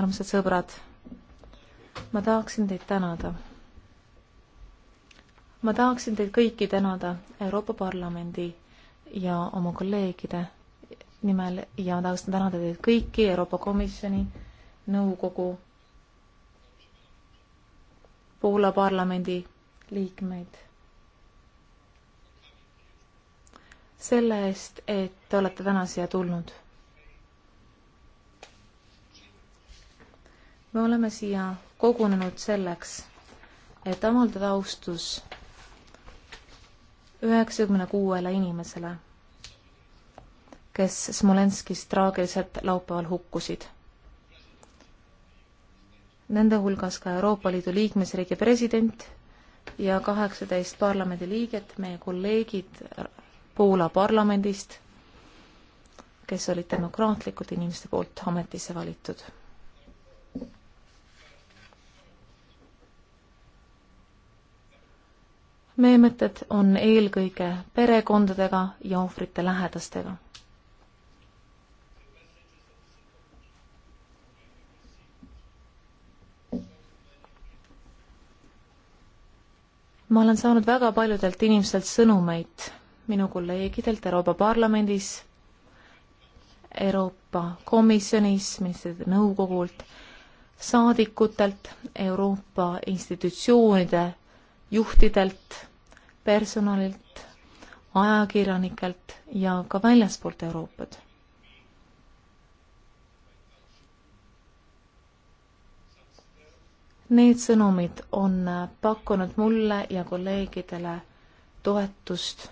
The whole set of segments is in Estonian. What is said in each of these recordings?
armsad sõbrad, ma tahaksin teid tänada. ma tahaksin teid kõiki tänada Euroopa Parlamendi ja oma kolleegide nimel ja ma tahaksin tänada teid kõiki Euroopa Komisjoni, nõukogu, Poola parlamendi liikmeid selle eest, et te olete täna siia tulnud me oleme siia kogunenud selleks, et avaldada austus üheksakümne kuuele inimesele, kes Smolenskis traagiliselt laupäeval hukkusid. Nende hulgas ka Euroopa Liidu liikmesriigi president ja kaheksateist parlamendiliiget, meie kolleegid Poola parlamendist, kes olid demokraatlikult inimeste poolt ametisse valitud meie mõtted on eelkõige perekondadega ja ohvrite lähedastega. ma olen saanud väga paljudelt inimestelt sõnumeid, minu kolleegidelt Euroopa Parlamendis, Euroopa Komisjonis, ministrite nõukogult, saadikutelt, Euroopa institutsioonide juhtidelt personalilt, ajakirjanikelt ja ka väljaspoolt Euroopat. Need sõnumid on pakkunud mulle ja kolleegidele toetust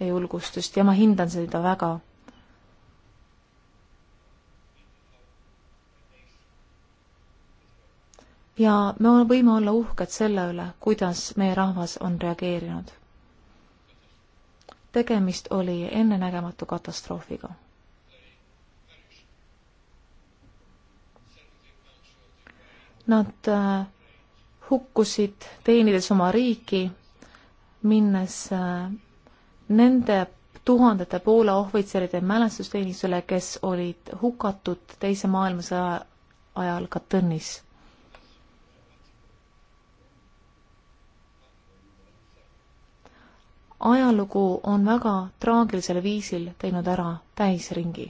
ja julgustust ja ma hindan seda väga ja me võime olla uhked selle üle, kuidas meie rahvas on reageerinud. tegemist oli ennenägematu katastroofiga Nad äh, hukkusid, teenides oma riiki, minnes äh, nende tuhandete Poola ohvitseride mälestusteenistusele, kes olid hukatud Teise maailmasõja ajal Katõnis. ajalugu on väga traagilisel viisil teinud ära täisringi.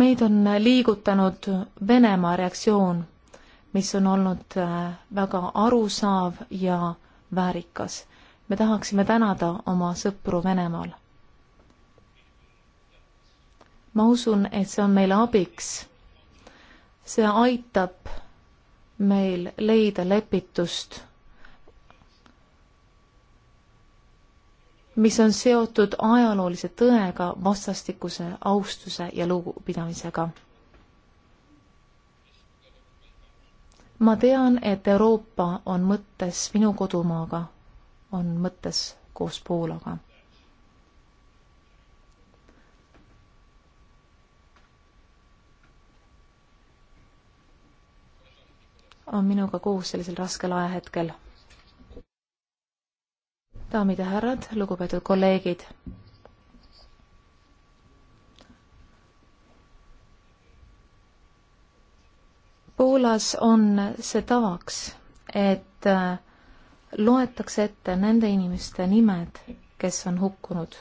meid on liigutanud Venemaa reaktsioon, mis on olnud äh, väga arusaав ja väärikas. me tahaksime tänada oma sõpru Venemaal. ma usun, et see on meile abiks see aitab meil leida lepitust, mis on seotud ajaloolise tõega, vastastikuse austuse ja lugupidamisega. ma tean, et Euroopa on mõttes minu kodumaaga, on mõttes koos Poolaga on minuga koos sellisel raskel ajahetkel. daamid ja härrad, lugupeetud kolleegid. Poolas on see tavaks, et äh, loetakse ette nende inimeste nimed, kes on hukkunud.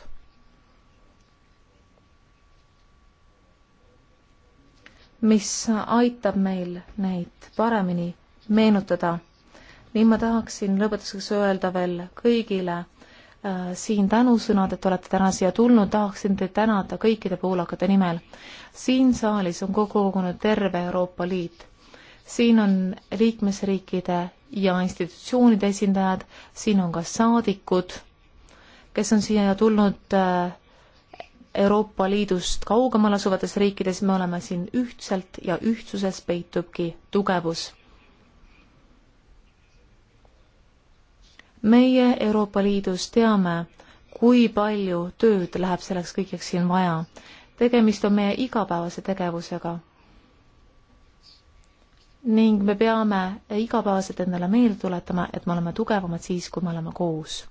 mis aitab meil neid paremini meenutada. nii ma tahaksin lõpetuseks öelda veel kõigile äh, siin tänusõnad, et olete täna siia tulnud, tahaksin teid tänada kõikide poolakate nimel. siin saalis on kokku kogunud terve Euroopa Liit. siin on liikmesriikide ja institutsioonide esindajad, siin on ka saadikud, kes on siia tulnud äh, Euroopa Liidust kaugemal asuvates riikides me oleme siin ühtselt ja ühtsuses peitubki tugevus. meie Euroopa Liidus teame, kui palju tööd läheb selleks kõigeks siin vaja. tegemist on meie igapäevase tegevusega. ning me peame igapäevaselt endale meelde tuletama, et me oleme tugevamad siis, kui me oleme koos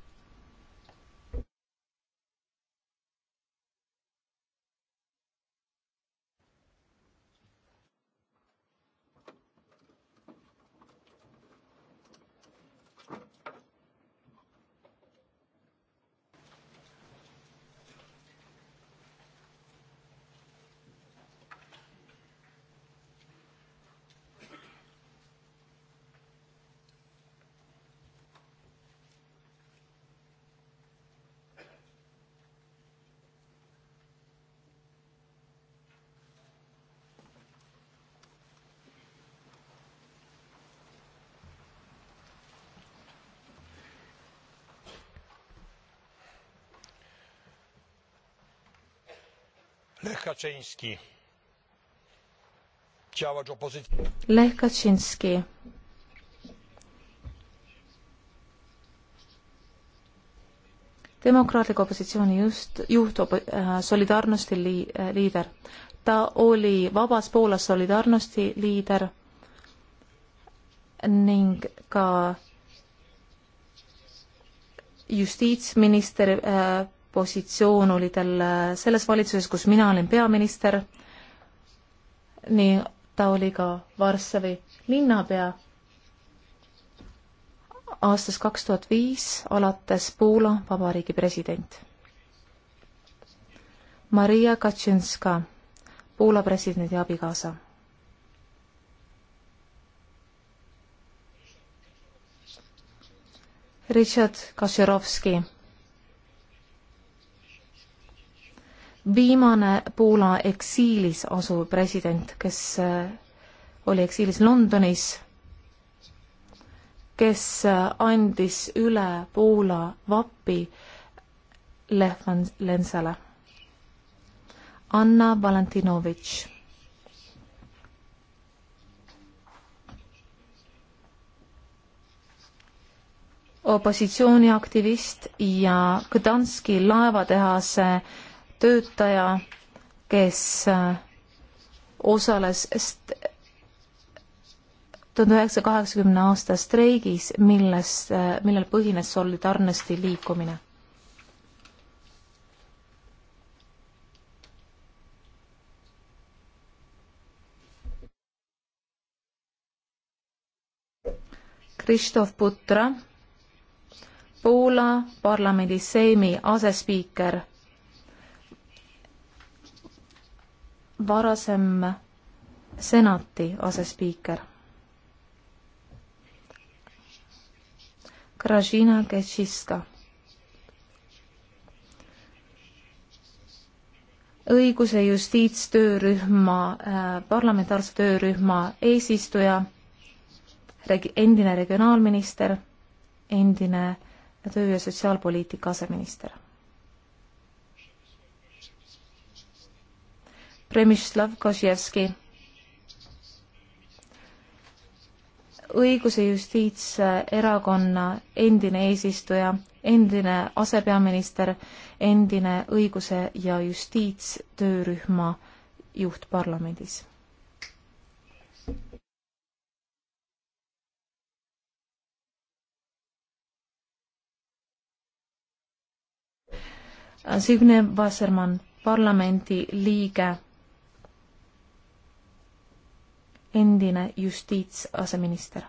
Lech działacz opozycji. Lech Kaczyński. demokraatliku opositsiooni just juht äh, Solidarnosti li, äh, liider. ta oli Vabas Poolas Solidarnosti liider ning ka justiitsminister äh, positsioon oli tal äh, selles valitsuses, kus mina olin peaminister, nii ta oli ka Varssavi linnapea aastast kaks tuhat viis alates Poola vabariigi president. Maria Kaczynska, Poola presidendi abikaasa. Richard Kaširovski viimane Poola eksiilis asuv president, kes äh, oli eksiilis Londonis, kes äh, andis üle Poola vapi Lech Valensale. Anna Valentinovitš. opositsiooniaktivist ja Gdanski laevatehase töötaja, kes äh, osales tuhande üheksasaja kaheksakümne aasta streigis, milles, äh, millel põhines solidaarnosti liikumine. Kristof Putra, Poola parlamendi seimi asespiiker varasem senati asespiiker. Gražina Kešiska. õiguse justiitstöörühma, äh, parlamentaarse töörühma eesistuja, regi-, endine regionaalminister, endine töö- ja sotsiaalpoliitika aseminister Premislav Kozjevski. õiguse justiitserakonna endine eesistuja, endine asepeaminister, endine õiguse ja justiitstöörühma juht parlamendis. Signe Vassermann, parlamendi liige endine justiitsaseminister.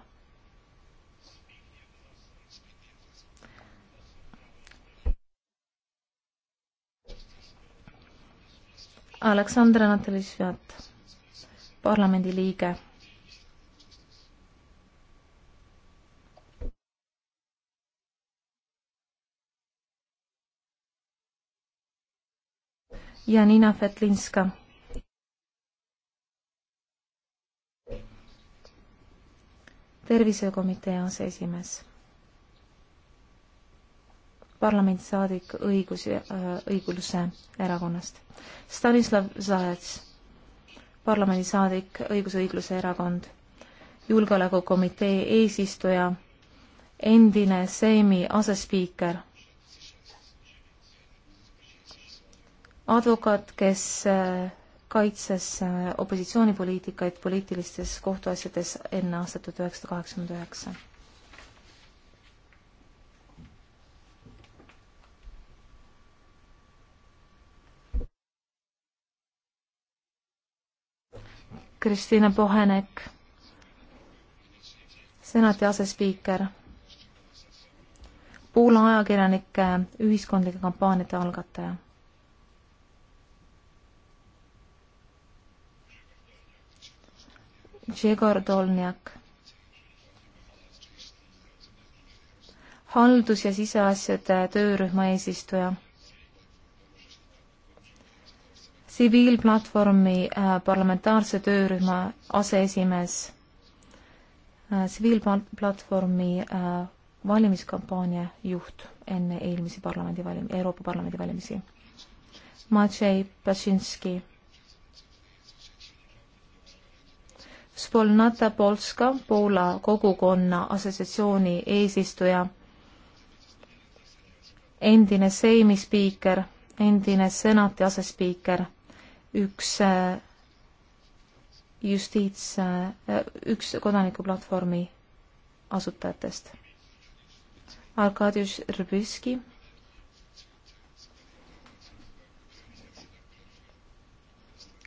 Aleksandr Anatolišvjat, parlamendiliige ja Nina Fetlinska, tervishoiukomitee aseesimees, parlamendisaadik õigusi äh,, õigluse erakonnast. Stanislav Zaets, parlamendisaadik Õiguse õigluse erakond, julgeolekukomitee eesistuja, endine Seimi asespiiker advokaat, kes äh, kaitses äh, opositsioonipoliitikaid poliitilistes kohtuasjades enne aastat tuhat üheksasada kaheksakümmend üheksa. Kristiina Pohenek, senati asespiiker, Poola ajakirjanike ühiskondlike kampaaniate algataja Jegor Dolniak. haldus- ja siseasjade töörühma eesistuja. tsiviilplatvormi äh, parlamentaarse töörühma aseesimees. Äh, tsiviilplatvormi äh, valimiskampaania juht enne eelmisi parlamendivalim-, Euroopa Parlamendi valimisi. Maciej Pašinski Spolnata Polska, Poola kogukonna assotsiatsiooni eesistuja, endine Seimi spiiker, endine senati asespiiker, üks äh, justiits, äh, üks kodanikuplatvormi asutajatest. Arkadiusz Rbüski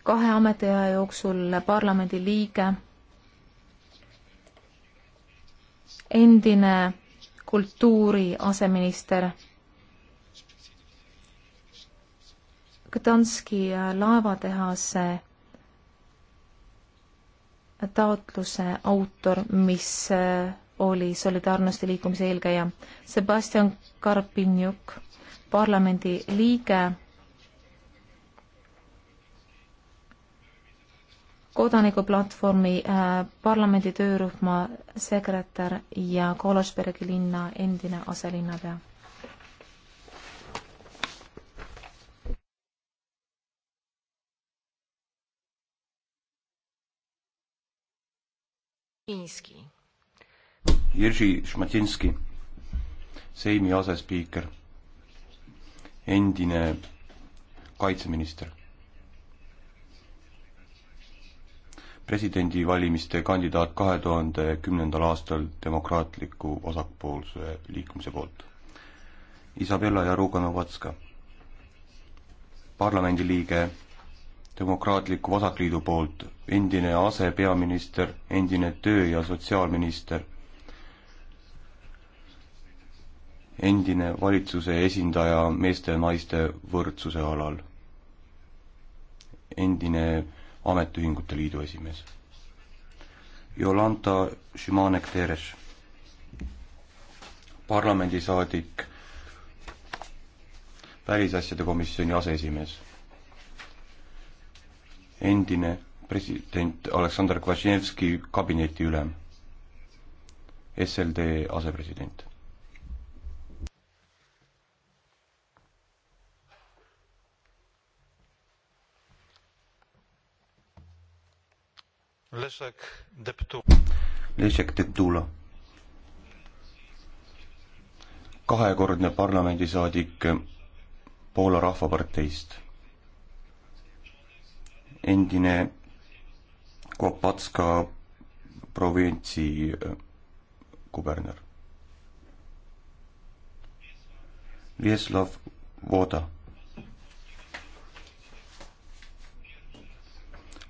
kahe ametiaja jooksul parlamendi liige, endine kultuuri aseminister, Gdanski laevatehase taotluse autor, mis äh, oli Solidaarnosti liikumise eelkäija, Sebastian Karpinjuk, parlamendi liige kodanikuplatvormi äh, parlamendi töörühma sekretär ja Kolosbergi linna endine aselinnapea. Jerzy Šmatinski, Seimi asespiiker, endine kaitseminister presidendivalimiste kandidaat kahe tuhande kümnendal aastal demokraatliku vasakpoolse liikumise poolt. Isabella Jaruga-Novatska, parlamendiliige Demokraatliku Vasakliidu poolt, endine asepeaminister, endine töö- ja sotsiaalminister, endine valitsuse esindaja meeste ja naiste võrdsuse alal, endine Ametiühingute Liidu esimees. Jolanta Šimanek-Teres, parlamendisaadik, välisasjade komisjoni aseesimees, endine president Aleksandr Kvašnevski kabinetiülem, SLD asepresident Leszek Deptu. Leszek Deptula. kahekordne parlamendisaadik Poola Rahvaparteist. endine Kopatska provintsi äh, kuberner. Vjeslav Voda.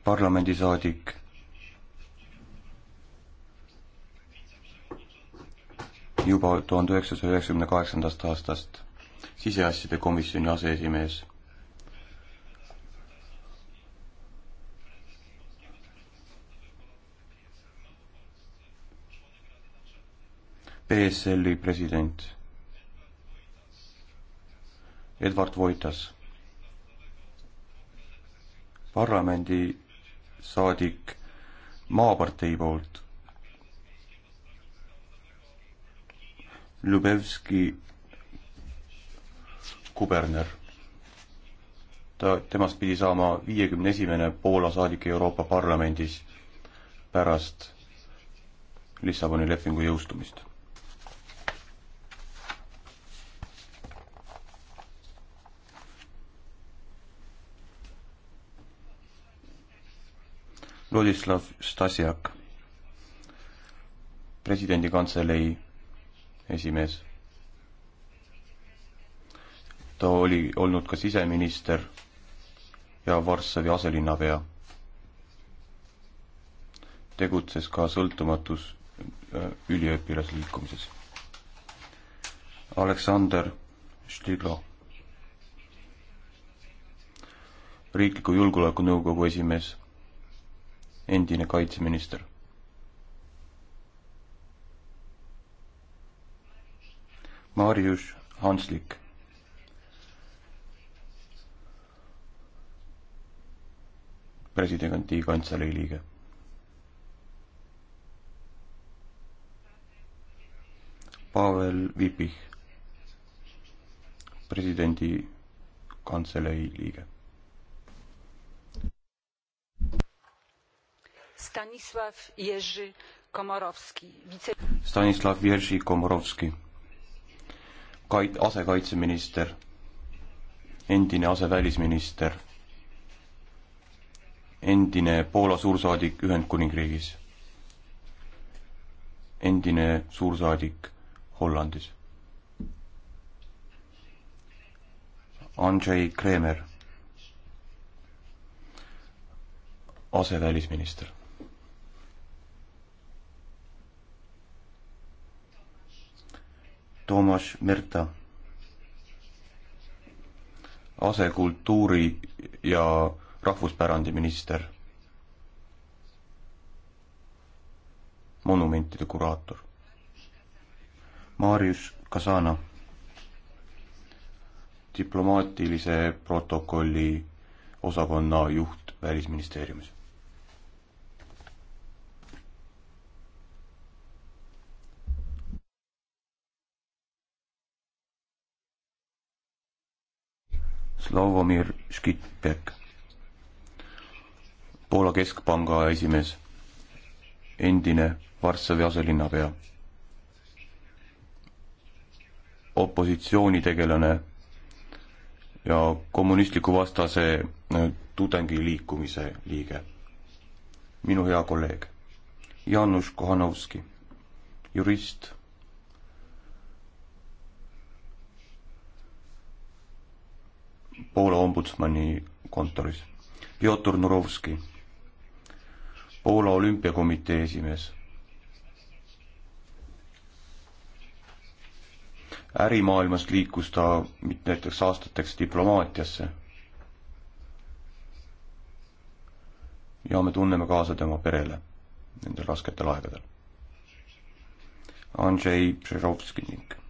parlamendisaadik juba tuhande üheksasaja üheksakümne kaheksandast aastast siseasjade komisjoni aseesimees. BSL-i president Edward Voitas, parlamendisaadik Maapartei poolt Ljubevski kuberner. ta, temast pidi saama viiekümne esimene Poola saadik Euroopa Parlamendis pärast Lissaboni lepingu jõustumist. Vladislav Stasiak, presidendi kantselei esimees. ta oli olnud ka siseminister ja Varssavi aselinnapea. tegutses ka sõltumatus äh, üliõpilasliikumises. Aleksander Štiglo, riikliku julgeolekunõukogu esimees, endine kaitseminister. Marius Hanslik. presidendi kantselei liige. Pavel Vipih, presidendi kantselei liige. Stanisław Jerzy Komorowski, vitse-. Stanisław Jerzy Komorowski kait-, asekaitseminister, endine asevälisminister, endine Poola suursaadik Ühendkuningriigis, endine suursaadik Hollandis. Andrei Kreemer, asevälisminister Toomas Merta, asekultuuri ja rahvuspärandiminister, monumentide kuraator, Marius Kasana, diplomaatilise protokolli osakonna juht Välisministeeriumis Slavomir Škitpek, Poola keskpanga esimees, endine Varssavi aselinnapea, opositsioonitegelane ja kommunistliku vastase äh, tudengiliikumise liige, minu hea kolleeg, Jaanus Kohanovski, jurist Poola ombudsmani kontoris. Pjotor Nurovski, Poola Olümpiakomitee esimees. ärimaailmast liikus ta mitmeteks aastateks diplomaatiasse. ja me tunneme kaasa tema perele nendel rasketel aegadel. Andrei Pšerovski ning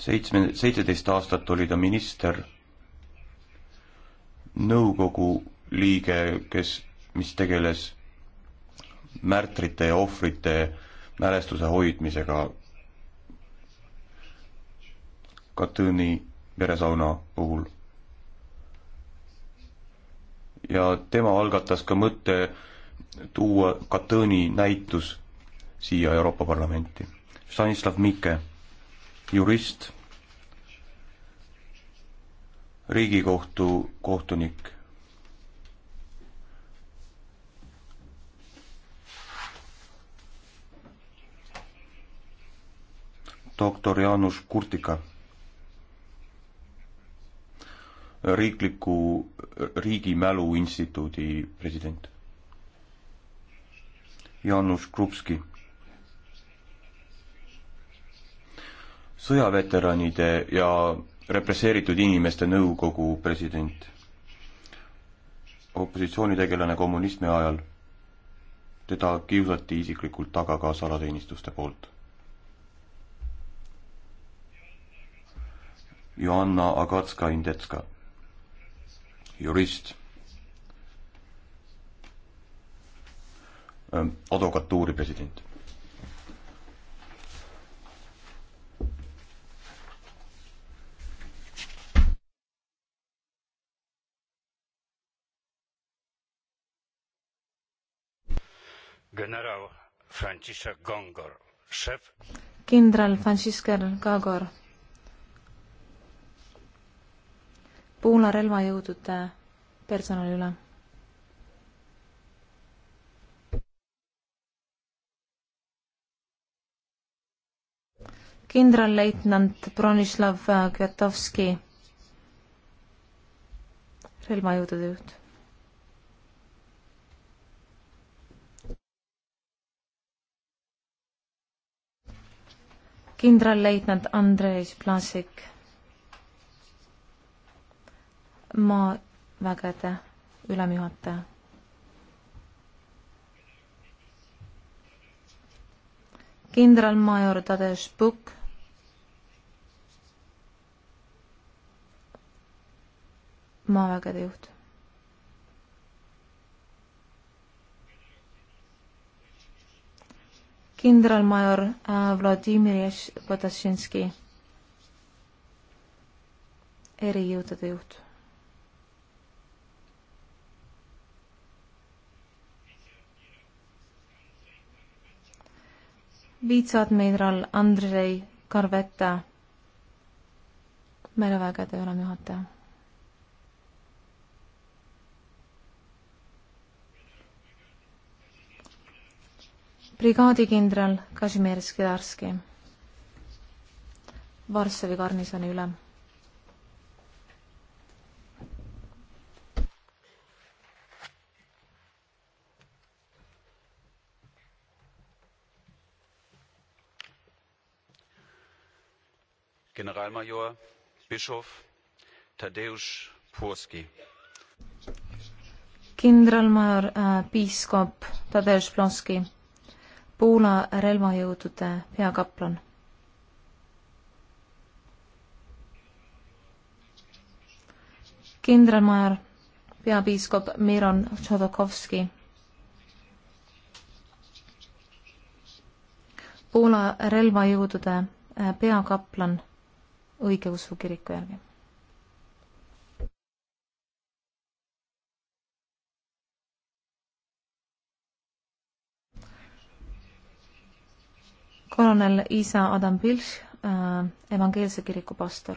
seitsme, seitseteist aastat oli ta minister, nõukogu liige, kes, mis tegeles märtrite ja ohvrite mälestuse hoidmisega Katõni veresauna puhul. ja tema algatas ka mõtte tuua Katõni näitus siia Euroopa Parlamenti. Stanislav Mikke jurist, riigikohtu kohtunik. doktor Jaanus Kurtika, riikliku, Riigimälu Instituudi president. Jaanus Krupski sõjaveteranide ja represseeritud inimeste nõukogu president, opositsioonitegelane kommunismi ajal. teda kiusati isiklikult taga ka salateenistuste poolt. Joanna Agatska-Indetska, jurist, advokatuuri president generał Franciszek Gongor, szef. kindral Franciszek Gongor, Poola relvajõudude personali üle. kindralleitnant Bronislav Kvetovski, relvajõudude juht kindralleitnant Andres Plasik maavägede ülemjuhataja. kindralmajor Tadeusz Pukk maavägede juht kindralmajor Vladimir Potashinski, erijõudude juht. viitseadmiral Andrei Karveta, merevägede ülemjuhataja brigaadikindral Kazimierz Kidarski, Varssavi garnisoni ülem. generalmajor bischof Tadeusz Płoski. kindralmajor äh, e, piiskop Tadeusz Płoski Poola relvajõudude peakaplan. kindralmajor, peapiiskop Miron Tšodokovski. Poola relvajõudude eh, peakaplan õigeusu kiriku järgi kolonel isa Adam Pilš, äh, evangeelse kiriku pastor.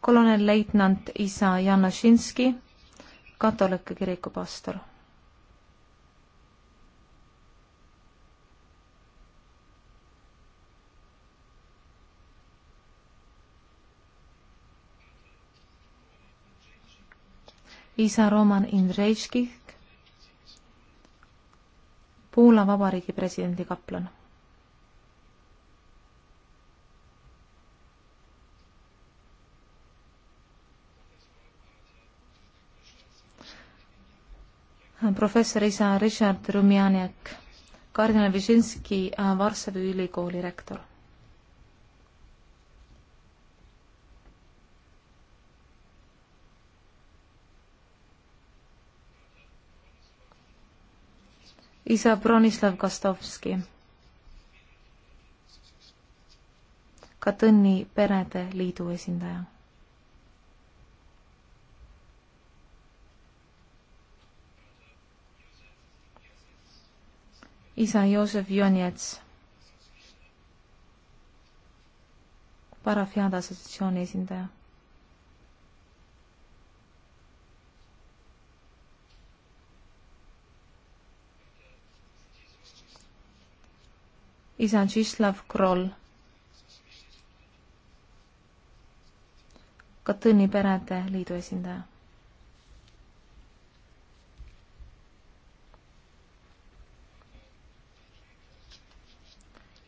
kolonel-leitnant isa Jana Šinski, katoliku kiriku pastor isa Roman Indrejških, Poola Vabariigi presidendi kaplan. professor isa Richard Rumjaniak, kardinal Wyszynski Varssavi ülikooli rektor isa Bronislav Kastovski. Katõnni Perede Liidu esindaja. isa Joosef Jonjets, parafiaade assotsiatsiooni esindaja isa on Žislav Kroll. Katõni perede liidu esindaja.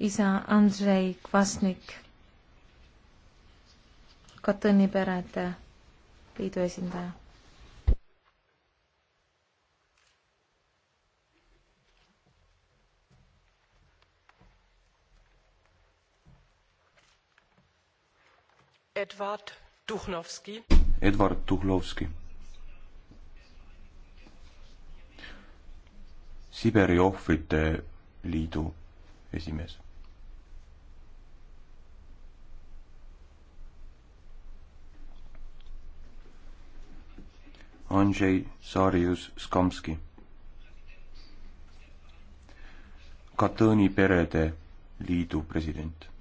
isa Andrei Kvasnik, Katõni perede liidu esindaja. Edward Duhnovski. Edward Duhnovski. Siberi ohvrite liidu esimees. Andrzej Saarius Skamski. Katõni perede liidu president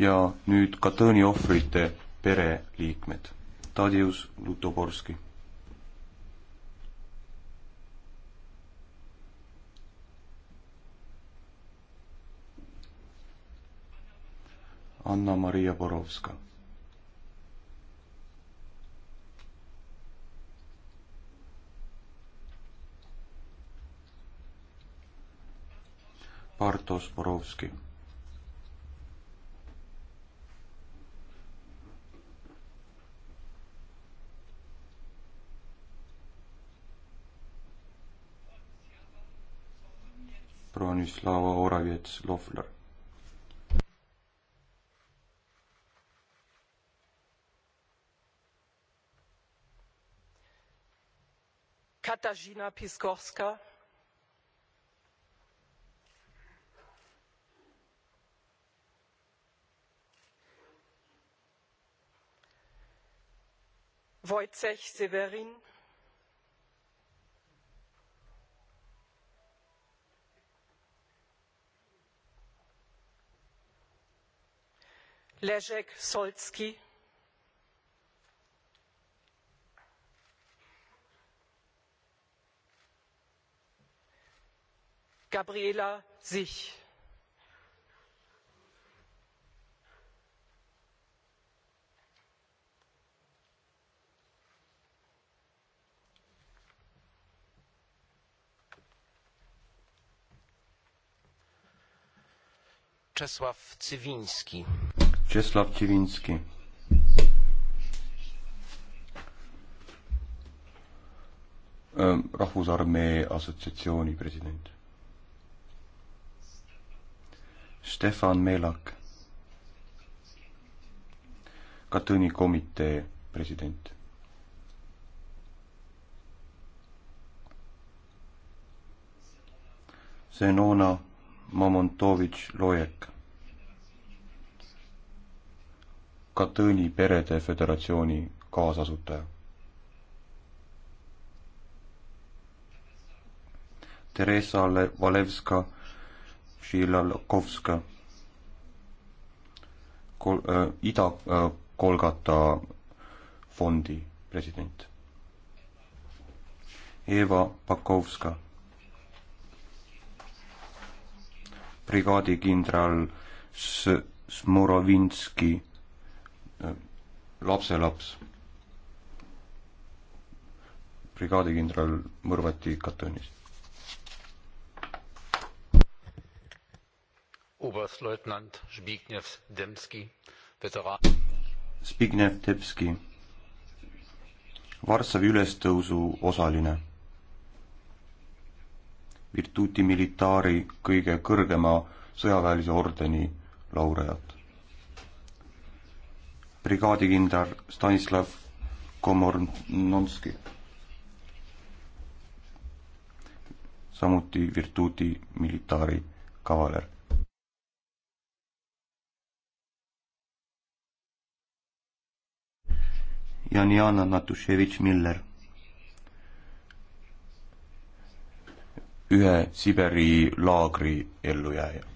ja nüüd Katõni ohvrite pereliikmed. Tadeusz Lutoborski. Anna-Maria Borovska. Bartosz Borowski. Stanislava Oravets-Lohler. Katarzyna Piskorska. Wojciech Severin. leszek solski gabriela sich czesław cywiński Czeslaw Ciewiński. Ehm, rahvusarmee assotsiatsiooni president. Stefan Melak. Katõni komitee president. Zenona Mamontovitš Loek Katõni Perede Föderatsiooni kaasasutaja. Teresa Valevska, Sheila Lokovska, kol-, äh, Ida-Kolgata äh, fondi president. Eva Pakovska, brigaadikindral S-, Smorovinski lapselaps. brigaadikindral mõrvati Katunis. Oberstleutnant Zbigniew Demski, veteraan. Zbigniew Demski, Varssavi ülestõusu osaline. Virtuti Militari kõige kõrgema sõjaväelise ordeni laureaat brigaadikindral Stanislav Komornonski. samuti Virtuti Militari kavaler Janjana Natuševitš Miller. ühe Siberi laagri ellujääja.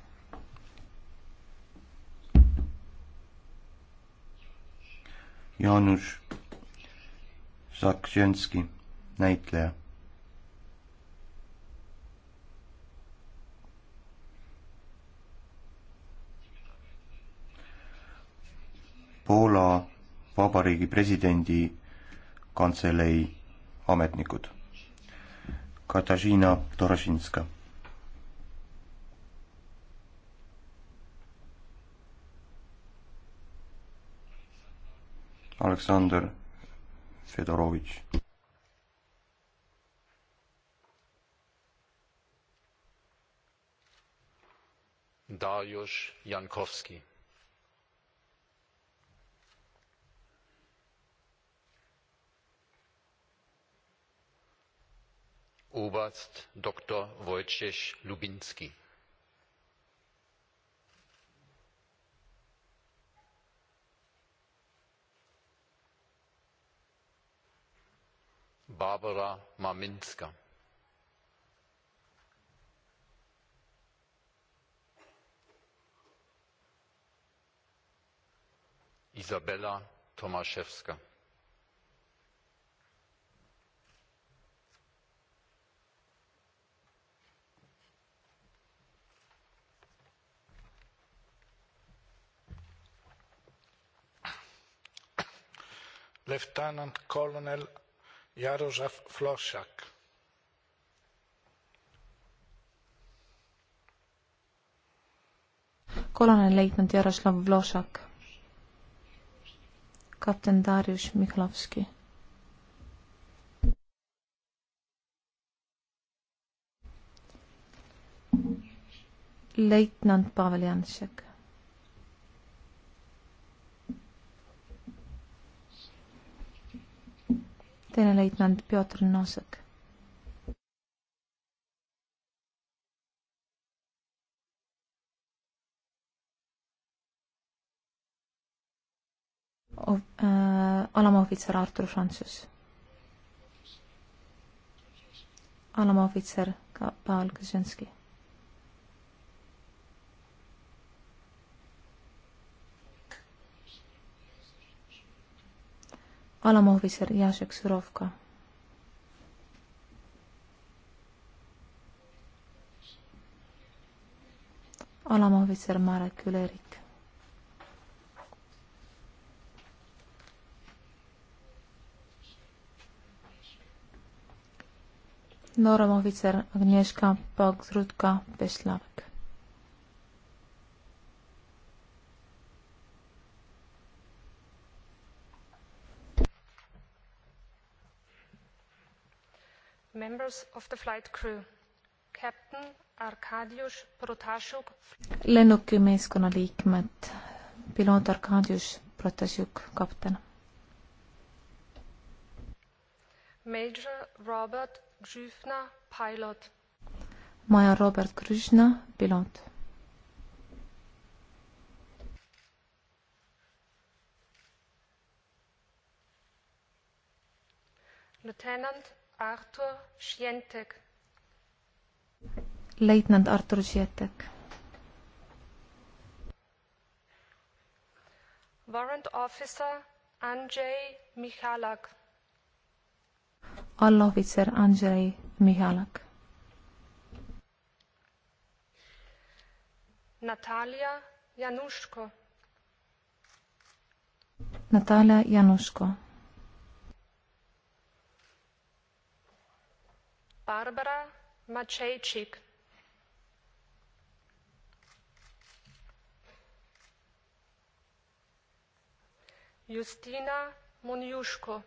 Jaanus Saksjönski, näitleja. Poola Vabariigi presidendi kantselei ametnikud. Katarzyna Torosinska Aleksandr Fedorovitš. Dariusz Jankowski. Oberst Dr. Wojciech Lubinski. barbara marminska. Isabella Tomaszewska. Lieutenant Colonel Jarosław Flosiak. kolonelleitnant Jaroslav Vlošak, kapten Darius Mihhalovski. leitnant Pavel Janšek teine leitnant Pjotr Nosek. Of, äh, alamohvitser Artur Frantsus. alamohvitser Paul Kaczynski alamohvitser Jašek Surovka. alamohvitser Marek Ülerik. nooremohvitser Agnieszka Pogzrutka Pešlavek. members of the flight crew. Captain Arkadius Protasjuk. lennukimeeskonna liikmed, piloot Arkadius Protasjuk, kapten. Major Robert Grüfna, pilot. major Robert Grüfna, piloot. Lieutenant Artur Sientek. leitnant Artur Sientek. Warrant officer Andrzej Michalak. allohvitser Andrzej Michalak. Natalia Januszko. Natalia Januszko. Barbara Maciejczyk. Justyna Moniuszko.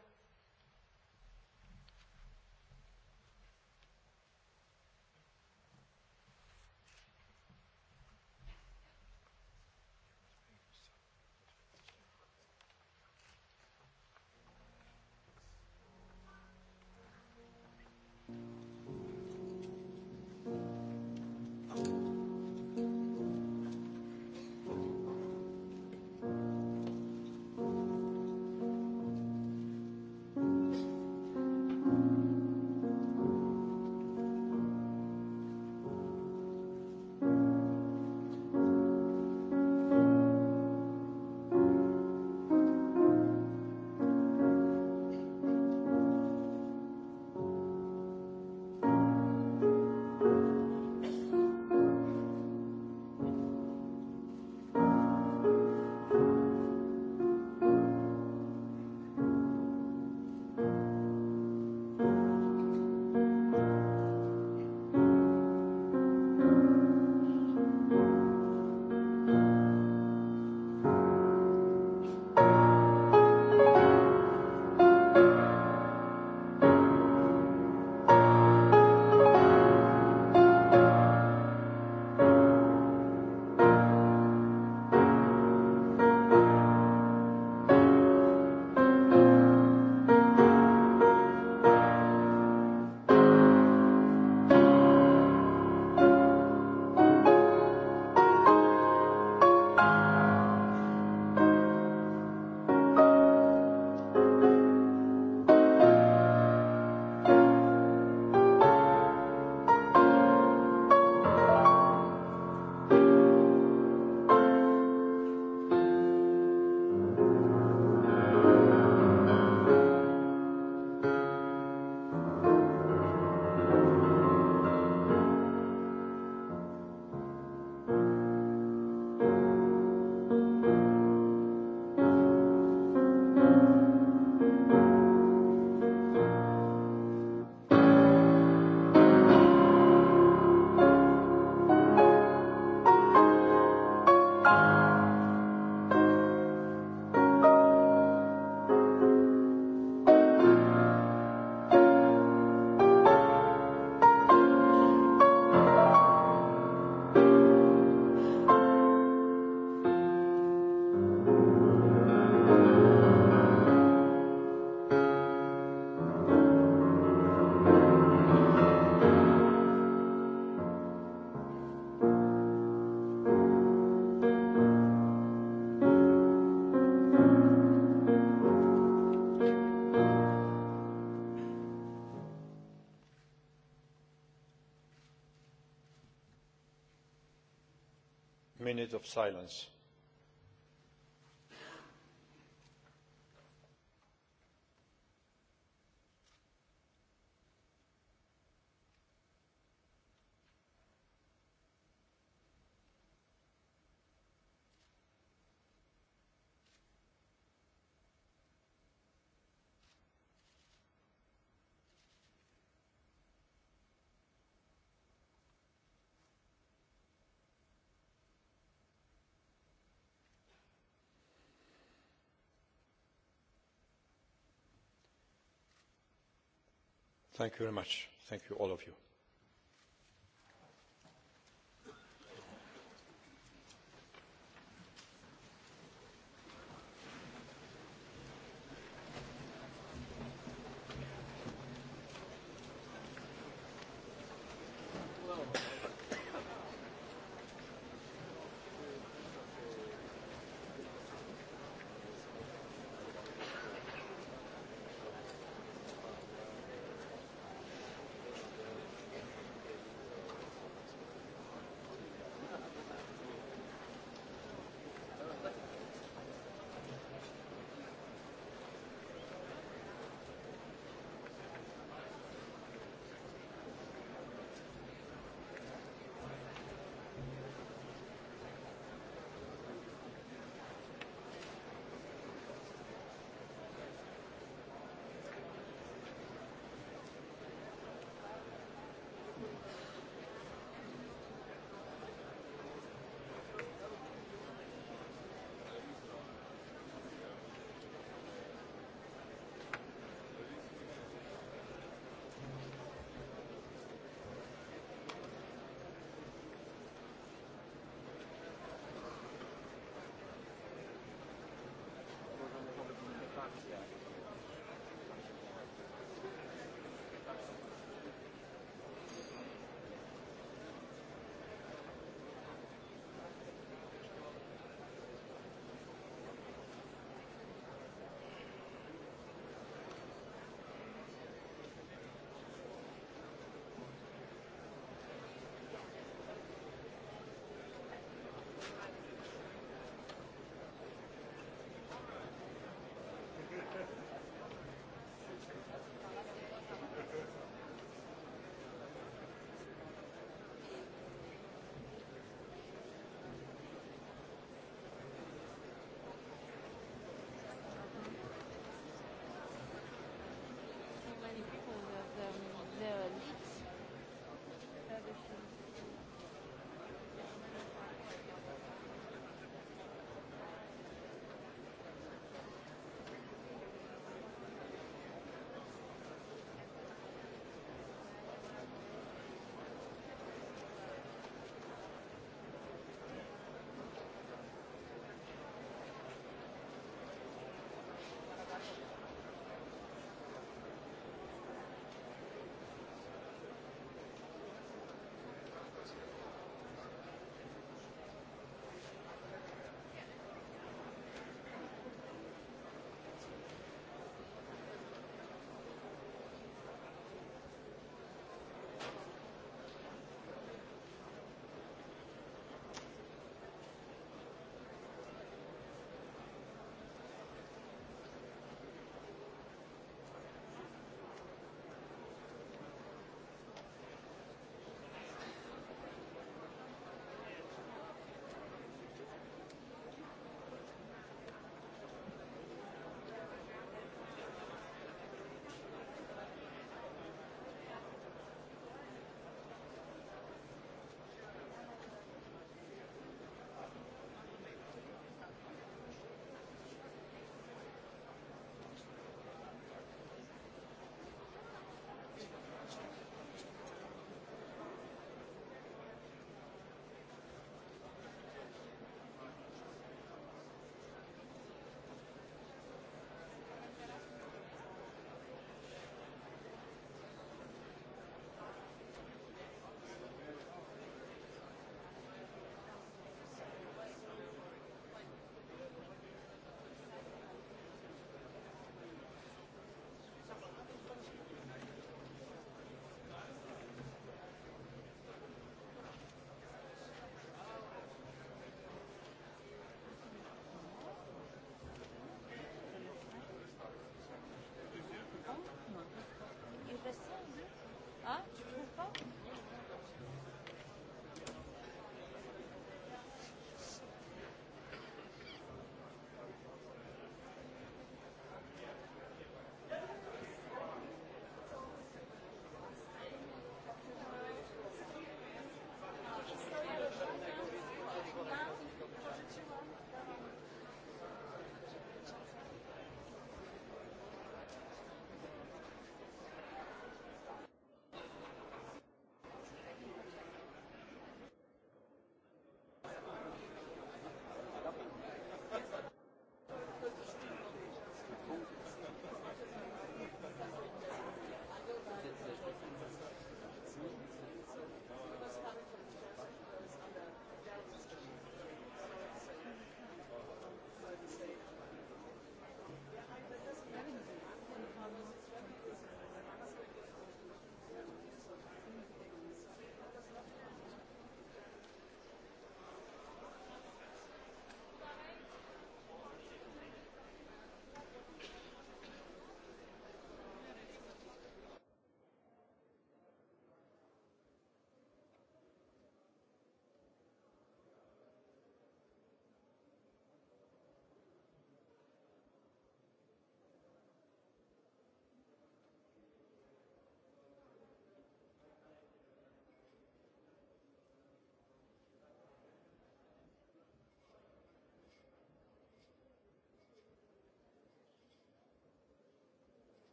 minute of silence. thank you very much thank you all of you.